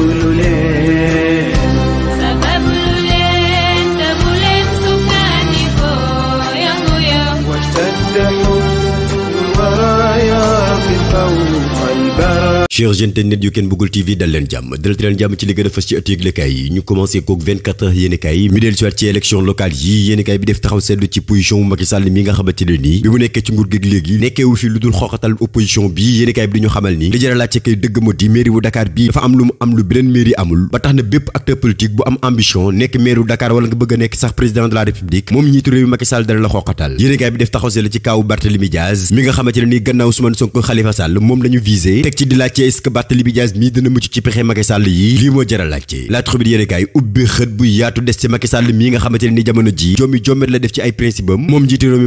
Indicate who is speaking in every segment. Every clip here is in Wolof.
Speaker 1: বুলুলে chers internet yu kenn bëggul TV dal leen jàmm dalati leen jàmm ci li gën a fës ci ëtt yëglekaay ñu commencé kook 24 heures yéenekaay yi mu dellu siwaat ci élection locale yi yéenekaay bi def taxaw seetlu ci position bu Macky Sall mi nga xamante ne nii bi mu nekkee ci nguur gi léegi nekkeewu fi lu dul opposition bi yéenekaay bi dañu xamal ni li jëra laaj ci kay dëgg moo di mairie bu Dakar bi dafa am lu mu am lu beneen mairie amul ba tax na acteur politique bu am ambition nekk maire bu Dakar wala nga bëgg a nekk sax président de la République moom njiitu réew mi Macky Sall dana la xooxatal yéenekaay bi def taxaw seetlu ci kaawu Barthélemy Diaz mi nga xamante ne nii gannaaw Ousmane Sonko Khalifa Sall moom lañu visé teg ci di laaj est-ce mii dina mucc ci pexe Macky yi lii moo jëral ci Macky Sall ne ni jamono ji jommi jommet la def ci ay principe moom njiitu réew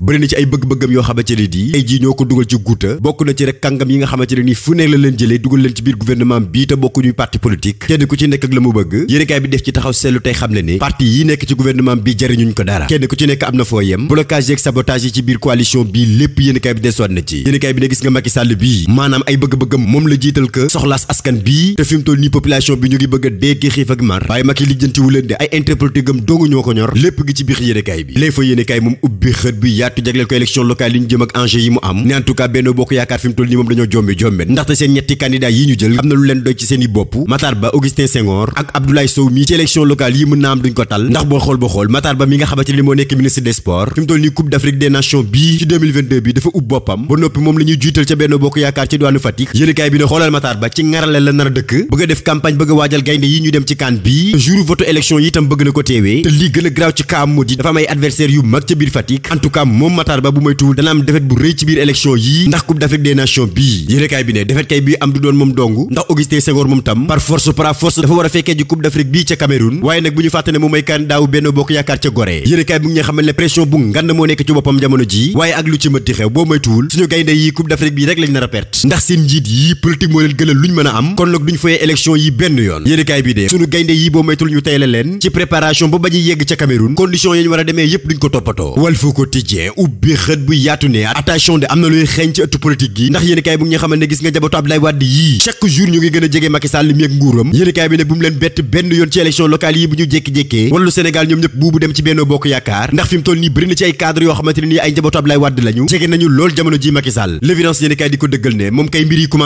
Speaker 1: bëri na ci ay bëgg-bëggam yoo xamante ne di ay ji ñoo ko dugal ci guuta bokk na ci rek kàngam yi nga xamante ne ni fu nekk la leen jëlee dugal leen ci biir gouvernement bii te bokku parti politique kenn ku ci nekk la mu bëgg yéen bi def ci taxaw seetlu tey xam ne ne parti yi nekk ci moom la jiital que soxlaas askan bii te fi toll nii population bi ñu ngi bëgg a dékki ak mar waaye Macky lijjanti wu leen de ay intérêt politique ñoo ko ñor lépp gi ci biir yéenekaay bi léeg fa yéenekaay moom ubbi xët bi yaatu jagleel ko élection locale yi ñu jëm ak enjeu yi mu am ne en Bokk Yaakaar fi toll nii moom dañoo jombi jombet ndaxte seen ñetti candidat yi ñu jël am na lu leen doy ci seen bopp Matar Ba Augustin Senghor ak yéenekaay bi ne xoolal Matar Ba ci ngarale la nar dëkk bëgg def campagne bëgg waajal gaynde yi ñu dem ci kan bi jour vote élection yi itam bëgg na ko teewee te lii gën graaw ci kaam moom Matar Ba bu moytuwul dana am defet bu rëy ci biir élection yi ndax Coupe d'Afrique des Nations bii yéenekaay bi ne defet kay bi am du doon moom dong ndax Augustin Senghor moom tam par force par force dafa war a fekkee ji Coupe d'Afrique bii ca Cameroun waaye nag bu ñu fàtte politique moo leen gënal luñ mën a am kon nag duñ foyee élection yi benn yoon yéenekaay bi dee suñu gaynde yi boo maytul ñu tey la leen ci préparation ba ba yegg ca Cameroun condition yi ñu war a demee yépp duñ ko toppatoo ubbi xët bu yaatu ne attention de am na luy xeeñ ci ëttu politique gi ndax yéenekaay bu nga xamante ne gis nga njabootu Abdoulaye Wade yii chaque jour ñu ngi gën jege Macky mi ak nguuram yéenekaay bi ne bu mu leen bett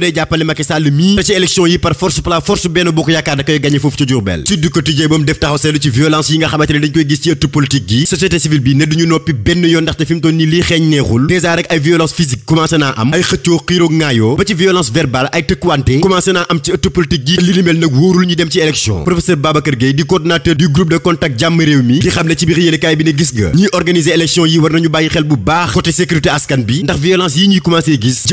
Speaker 1: day jàppale Macky Sall mii te ci élection yi par force par force benn bokk yaakaar da koy foofu ci Diourbel Sud Quotidien ba mu def taxaw seetlu ci violence yi nga xamante ne koy gis ci ëttu politique gi société civile bi ne duñu noppi benn yoon ndaxte fi mu toll nii lii xeeñ neexul dèjà rek ay violence physique commencé naa am ay xëccoo xiiroog ŋaayoo ba ci violence verbale ay tëkkuwante commencé naa am ci ëttu politique gi li ni mel nag wóorul ñu dem yi war nañu bàyyi xel bu baax côté sécurité commencé gis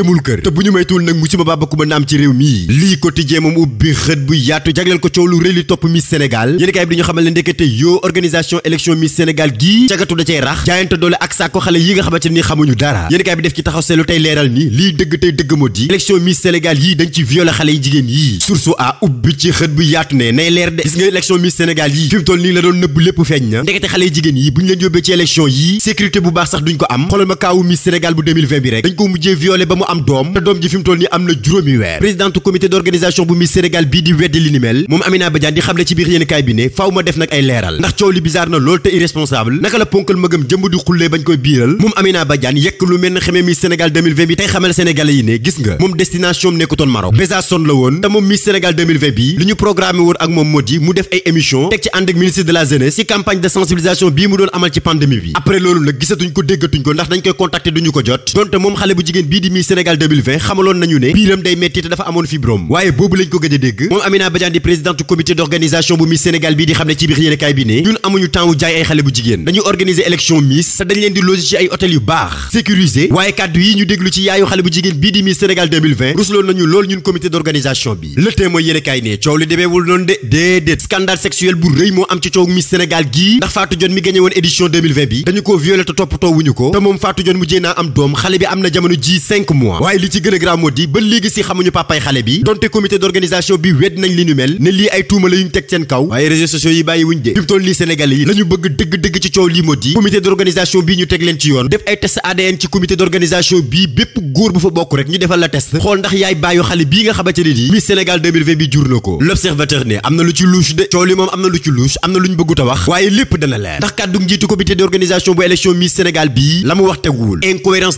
Speaker 1: ba kumba naam ci réew mi lii quotidien mom ubbi xët bu yaatu jagleel ko coow lu li topp Miss Sénégal yéen kaay bi dañu xamal ne ndekete organisation élection mi Sénégal gi ciagatu da cey rax jaayante doole ak sàkko xalé yi nga xamante ni xamuñu dara yene kay bi def ci taxaw lu tay leeral ni Li deug tay deug mo di élection mi Sénégal yi dañ ci violé xalé yi jigen yi source a ubbi ci xët bu yaatu ne nay leer de gis nga élection mi Sénégal yi fi mu toll la doon neub lepp feeñ na ndekete xalé yi jigen yi bu leen ci élection yi sécurité bu baax sax duñ ko am xoolal ma kaawu mi Sénégal bu 2020 bi rek dañ ko mujjé violé ba mu am dom dom ji fi tol ni am na président weer présidente comité d'organisation bu Miss Sénégal bi di weddi li ni mel moom Amina Badiane di xamle ci biir yéen kaay bi ne faaw ma def nag ay leeral ndax coow li bizarre na lool irresponsable naka la ponkal mëgëm jëmb di xullee bañ koy biiral moom Amina Badjan yekk lu mel Miss Sénégal 2020 bi tay xamal sénégalais yi ne gis nga destination am nekkutoon Maroc son la woon te Miss Sénégal 2020 bi li ñu programmé woon ak moom modi et mu def ay émission teg ci ànd ak ministre de la jeunesse ci campagne de sensibilisation bi mu doon amal ci pandémie bi après loolu nag gisatuñ ko déggatuñ ko ndax dañ koy contacter duñu ko jot donte moom xale bu jigéen bii di Miss Sénégal 2020 xamaloon nañu ne mbiram day metti te dafa amone fibrom waye bobu lañ ko gëj a dégg moom Amina Badiane di présidente du comité d'organisation bu mi Sénégal bi di xamné ci biir yéenekaay bi né ñun amuñu temps wu jaay ay xalé bu jigéen dañu organiser élection Miss te dañ leen di loger ci ay hôtel yu baax sécurisé waye cadre yi ñu dégglu ci yaayu xalé bu jigéen bi di Miss Sénégal 2020 ruslo nañu lool ñun comité d'organisation bi le témoin yéenekaay né ciow li demeewul non dé déedéet scandale sexuel bu reuy mo am ci ciow Miss Sénégal gi ndax Fatou Dione mi gagné woon édition 2020 bi dañu ko violé te toppatoo wuñu ko te mom Fatou Dione mu naa am dom xalé bi amna na jamono ji 5 mois waye li ci gëna a grave ba léegi gis def ay test ADN ci comité d'organisation bii bépp góor bu fa bokk rek ñu defal la test xool ndax yaay bàyyu xale bii nga xamante ne nii Miss Sénégal bi jur na ko l'observateur ne am na lu ci louche de coow li moom am na lu ci louche am na lu ñu bëggut wax waaye lépp dana leer ndax kàddu njiitu comité d'organisation bu élection Miss Sénégal bii la mu wax teguwul incohérence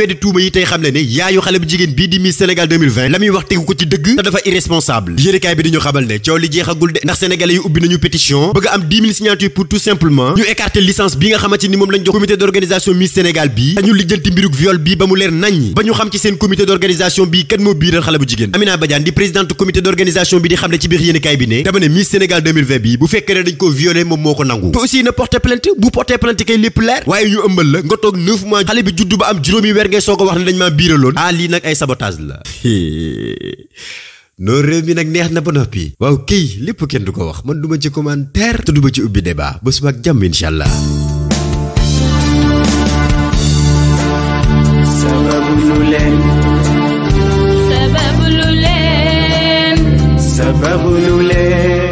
Speaker 1: weddi tuuma yi tey xam le ne yaayu xale bu jigéen bii di Miss Sénégal 2020 la muy wax tegu ko ci dëgg te dafa irresponsable yéenekaay bi di ñu xamal ne coow li jeexagul de ndax sénégalais yu ubbi nañu pétition bëgg am 10 signatures pour tout simplement ñu écarter licence bi nga xamante ni moom lañ jox comité d'organisation Miss Sénégal bi dañu lijjanti mbirug viol bi ba mu leer naññi ba ñu xam ci seen comité d'organisation bi kan moo biiral xale bu jigéen Amina Badiane di présidente comité d'organisation bi di xamle ci biir yéenekaay bi ne dama ne Sénégal 2020 bi bu fekkee ne dañ ko violé moom moo ko nangu te aussi ne porter plainte bu porter plainte kay lépp leer waaye ñu ëmbal la nga toog 9 mois xale bi juddu ba am juróomi ngay soko wax ne dañ maa biiraloon ah li nak ay sabotage la no rew mi nak neex na ba nopi waw ki lepp ken duko wax man duma ci commentaire te ci ubi débat ba subak jam inshallah sababu lulen sababu sababu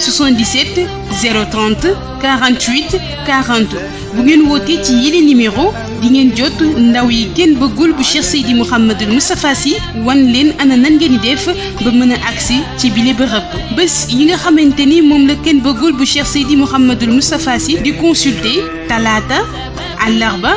Speaker 2: 77 030 48 40 bu ngeen wootee ci yile numéro di ngeen jot ndaw yi ngeen bëggul bu Cheikh Seydi Mouhamadul Moustapha Sy wan leen ana nan ngeen di def ba mën a agsi ci bile bërëb bés yi nga xamanteni mom la kenn bëggul bu Cheikh Seydi Sy di consulter Talata àllarba